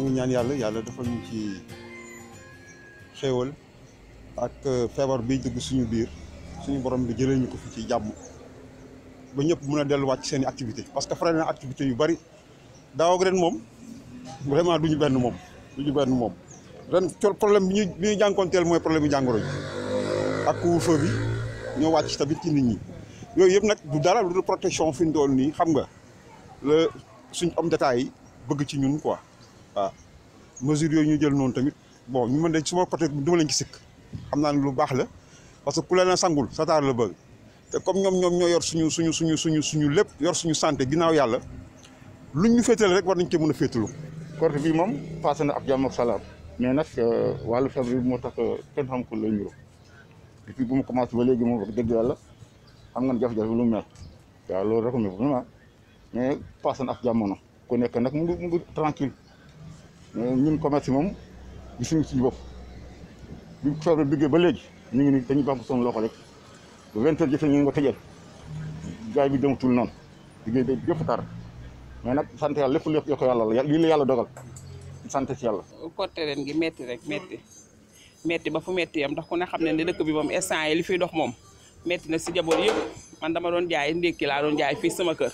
ñu ngi ñaan yàlla yàlla defal ñu ci xéewal ak euh, feebar bi dugg suñu biir suñu borom bi jëlee ñu ko fi ci jàmm ba ñëpp mën a delluwaat ci seen i activité parce que freiné na activité yu bari daaw ak ren moom vraiment duñu benn moom duñu benn moom ren problème bi ñuy bi ñuy jànkoonteel mooy problème yu jàngoro ji ak couvre-feu bi ñoo wàcc tamit ci nit ñi yooyu yëpp nag du dara lu protection fi mu toll xam nga la suñ homme d'État bëgg ci ñun quoi waaw ah, mesures yooyu ñu jël noonu tamit bon ñu mën de suma côté du ma leen ci sikk am naa lu baax la parce que ku leen sangul sataar la bëgg te comme ñoom ñoom ñoo yor suñu suñu suñu suñu suñu lépp yor suñu santé ginnaaw yàlla luñ ñu féetale rek war nañ cee mun a féetalu. Korité bii moom passé na ab jàmm salaam mais nag euh, wàllu feebar moo tax euh, kenn xam ko lay bu mu commencé ba léegi moom wax yàlla xam nga ne jafe-jafe waaw loolu rek moom mais passé na ab jamono ku nekk nag mu ngi tranquille ñun commerce yi moom gisuñu suñu bopp bi feebar bi duggee ba léegi ñu ngi ni dañuy bànk suñu loxo rek ba vingt heures jotee ñu ngi ko tëjal gaay bi dematul noonu liggéey day yëpp tar mais nag sant yàlla lépp lépp yokk yàlla la lii yàlla dogal sant si yàlla côté ren gi metti rek metti metti ba fu metti yam ndax ku ne xam ne ne dëkk bi moom instant yi li fiy dox moom metti na si jaboot yëpp man dama doon jaay ndekki laa doon jaay fii sama kër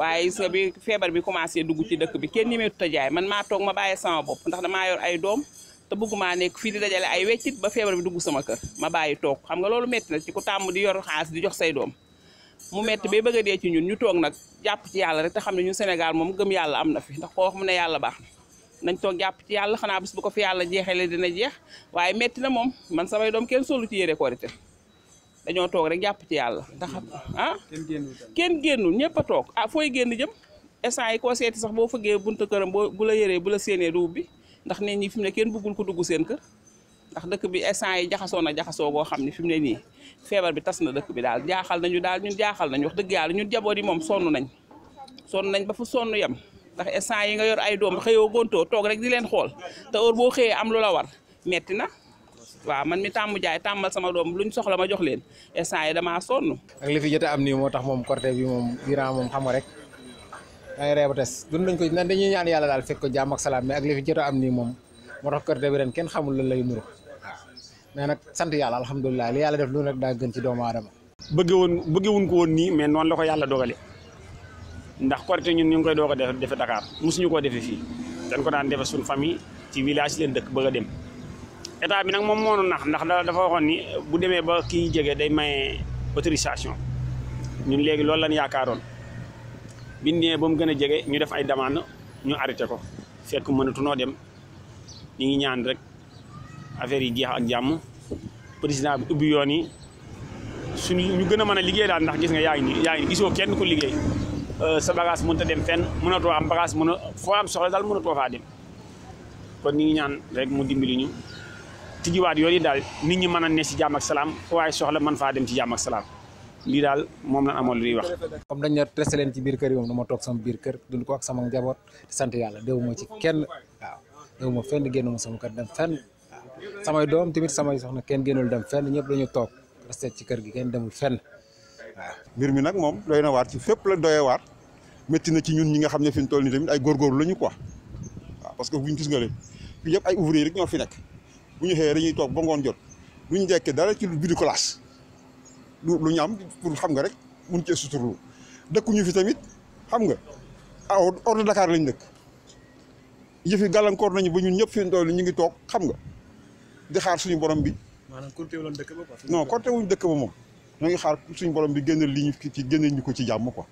waaye gis bi feebar bi commencé dugg ci dëkk bi kenn ñemeetut a jaay man maa toog ma bàyyi sama bopp ndax damaa yor ay doom te bëggumaa nekk fii di dajale ay weccit ba feebar bi dugg sama kër ma bàyyi toog xam nga loolu métti na ci ku tàmm di yor xaalis di jox say doom mu métti bay bëgg a dee ci ñun ñu toog nag jàpp yàlla rek te xam ne ñun Sénégal moom gëm yàlla am na fi ndax koo wax mu ne yàlla baax na nañ toog jàpp ci yàlla xanaa bis bu ko fi yàlla jeexee le dina jeex waaye métti na moom man samay doom kenn solu ci yére korité dañoo toog rek jàpp ci yàlla ndax xam ah kenn génnul ñëpp a toog ah fooy génn jëm instant yi ko seeti sax boo fëggee buntu këram boo bu la yëree bu la séenee du ubbi ndax ne ñi fi mu ne kenn bëggul ko dugg seen kër ndax dëkk bi instant yi jaxasoo na jaxasoo goo xam ne fi mu ne nii feebar bi tas na dëkk bi daal jaaxal nañu daal ñun jaaxal nañu wax dëgg yàlla ñun jaboot yi moom sonn nañ sonn nañ ba fu sonn yem ndax instant yi nga yor ay doom xëyoo gontoo toog rek di leen xool te boo xëyee am lu la war na waaw man mi tàmm jaay tàmmal sama doom luñ soxla ma jox leen instant yi damaa soon ak li fi jot am nii moo tax moom cortège bi moom moom xam nga rek dangay reeba tes dund nañ ko ñaan yàlla daal fekk ko jàmm ak salaam mais ak li am nii moom moo tax cortège bi ren xamul lan lay nuru waaw mais nag sant yàlla alhamdulilah li yàlla def lu rek daa gën ci doomu aadama. bëgge woon bëgge ko woon nii mais noonu la ko yàlla dogalee ndax Korité ñun ñu ngi koy doog a def defe Dakar mosuñu koo defe fii dañ ko daan defe suñu famille ci village leen dëkk bëgg a dem état bi nag moom moo nu nax ndax dafa waxoon ni bu demee ba kii jege day maye autorisation ñun léegi loolu lañ yaakaaroon biñ nee ba mu gën a jege ñu def ay demande ñu arrêté ko fekk mënatunoo dem ñu ngi ñaan rek affaire yi jeex ak jàmm président bi ubbi yoon yi suñu ñu gën a mën a liggéey daal ndax gis nga yaay ngi nii yaa gisoo kenn ku liggéey euh, sa bagage mën a dem fenn mënatoo am bagage mën a foo am soxla daal mënatoo faa dem kon ñu ngi ñaan rek mu dimbali ñu. tijjiwaat yooyu daal nit ñi mën a ne ci jàmm ak salaam waaye soxla mën faa dem ci jàmm ak salaam lii daal moom lañ amoon lu ñuy wax. comme dañ la tressé ci biir kër yi moom dama toog sama biir kër dund ko ak sama njaboot di sant yàlla déwuma ci kenn waaw déwuma fenn génnuma sama kër dem fenn samay doom tamit samay soxna kenn génnul dem fenn ñëpp dañu toog resté ci kër gi kenn demul fenn waaw. mbir mi nag moom doy na waar ci fépp la doyee waar métti na ci ñun ñi nga xam ne fi mu toll nii tamit ay góorgóorlu lañu quoi waaw parce que buñ gis nga leen fii yëpp ay ouvrier rek ñoo fi nekk. bu ñu xëyee dañuy toog ba ngoon jot lu ñu njëkk dara ci lu bidu classe lu lu ñu am pour xam nga rek mun cee suturlu dëkkuñu fi tamit xam nga ah hors de Dakar lañ dëkk yëfi gàllankoor nañu ba ñun ñëpp fi mu ñu ngi toog xam nga di xaar suñu borom bi. maanaam corté wuñ dëkk ba quoi. non corté wuñ dëkk ba moom ñu ngi xaar suñu borom bi génneel li ñu ci génneel ñu ko ci jàmm ko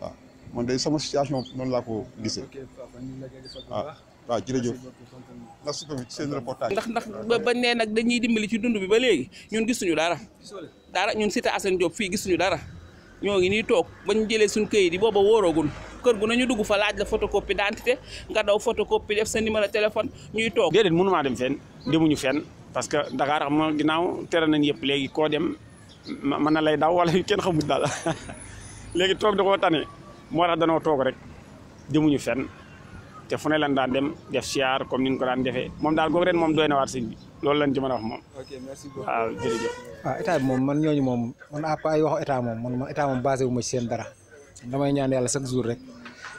waaw man day sama situation noonu laa ko gisee. waaw ah, jërëjëf merci beaucoup seen reportage. ndax ndax ba ba nee dañuy dimbali ci dund bi ba léegi ñun gisuñu dara dara ñun cité Assane Diop fii gisuñu dara ñoo ngi nii bañ jëlee suñu këyit yi booba wóoroogun kër gu nañu dugg fa laaj la photocopie d'identité nga daw photocopie def sa numéro téléphone ñuy toog. déedéet mënumaa dem fenn demuñu fenn parce que Dakar xam nga ginnaaw nañ yëpp léegi koo dem mën lay daw wala kenn xamul daal léegi toog da koo tane moo tax danoo rek demuñu te fu ne lan daan dem def siyaar comme ni ñu ko daan defee moom daal goog ren moom doy na waar sëñ bi loolu lañ ci a wax moom. ok merci beaucoup waaw jërëjëf. waaw état bi moom man ñooñu moom seen dara damay ñaan yàlla chaque jour rek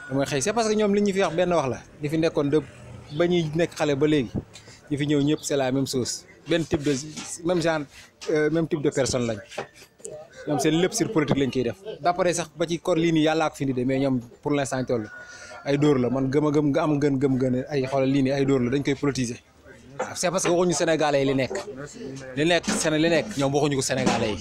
damay xëy c'est parce que ñoom li ñu fi wax benn wax la li fi nekkoon de ba ñuy nekk xale ba léegi ñu ñëw ñëpp c'est la même chose benn type de même genre euh, même type de personne lañ. ñoom seen lépp sur politique lañ koy def d'après sax ba ci kor lii nii yàllaa ko fi indee mais ñoom pour l'instant toll ay dóor la man gëm a am gën gëm gën ay xoolal lii nii ay dóor la dañ koy politiser. c'est parce que waxuñu yi li nekk li nekk Séné li nekk ñoom waxuñu ko Sénégalais yi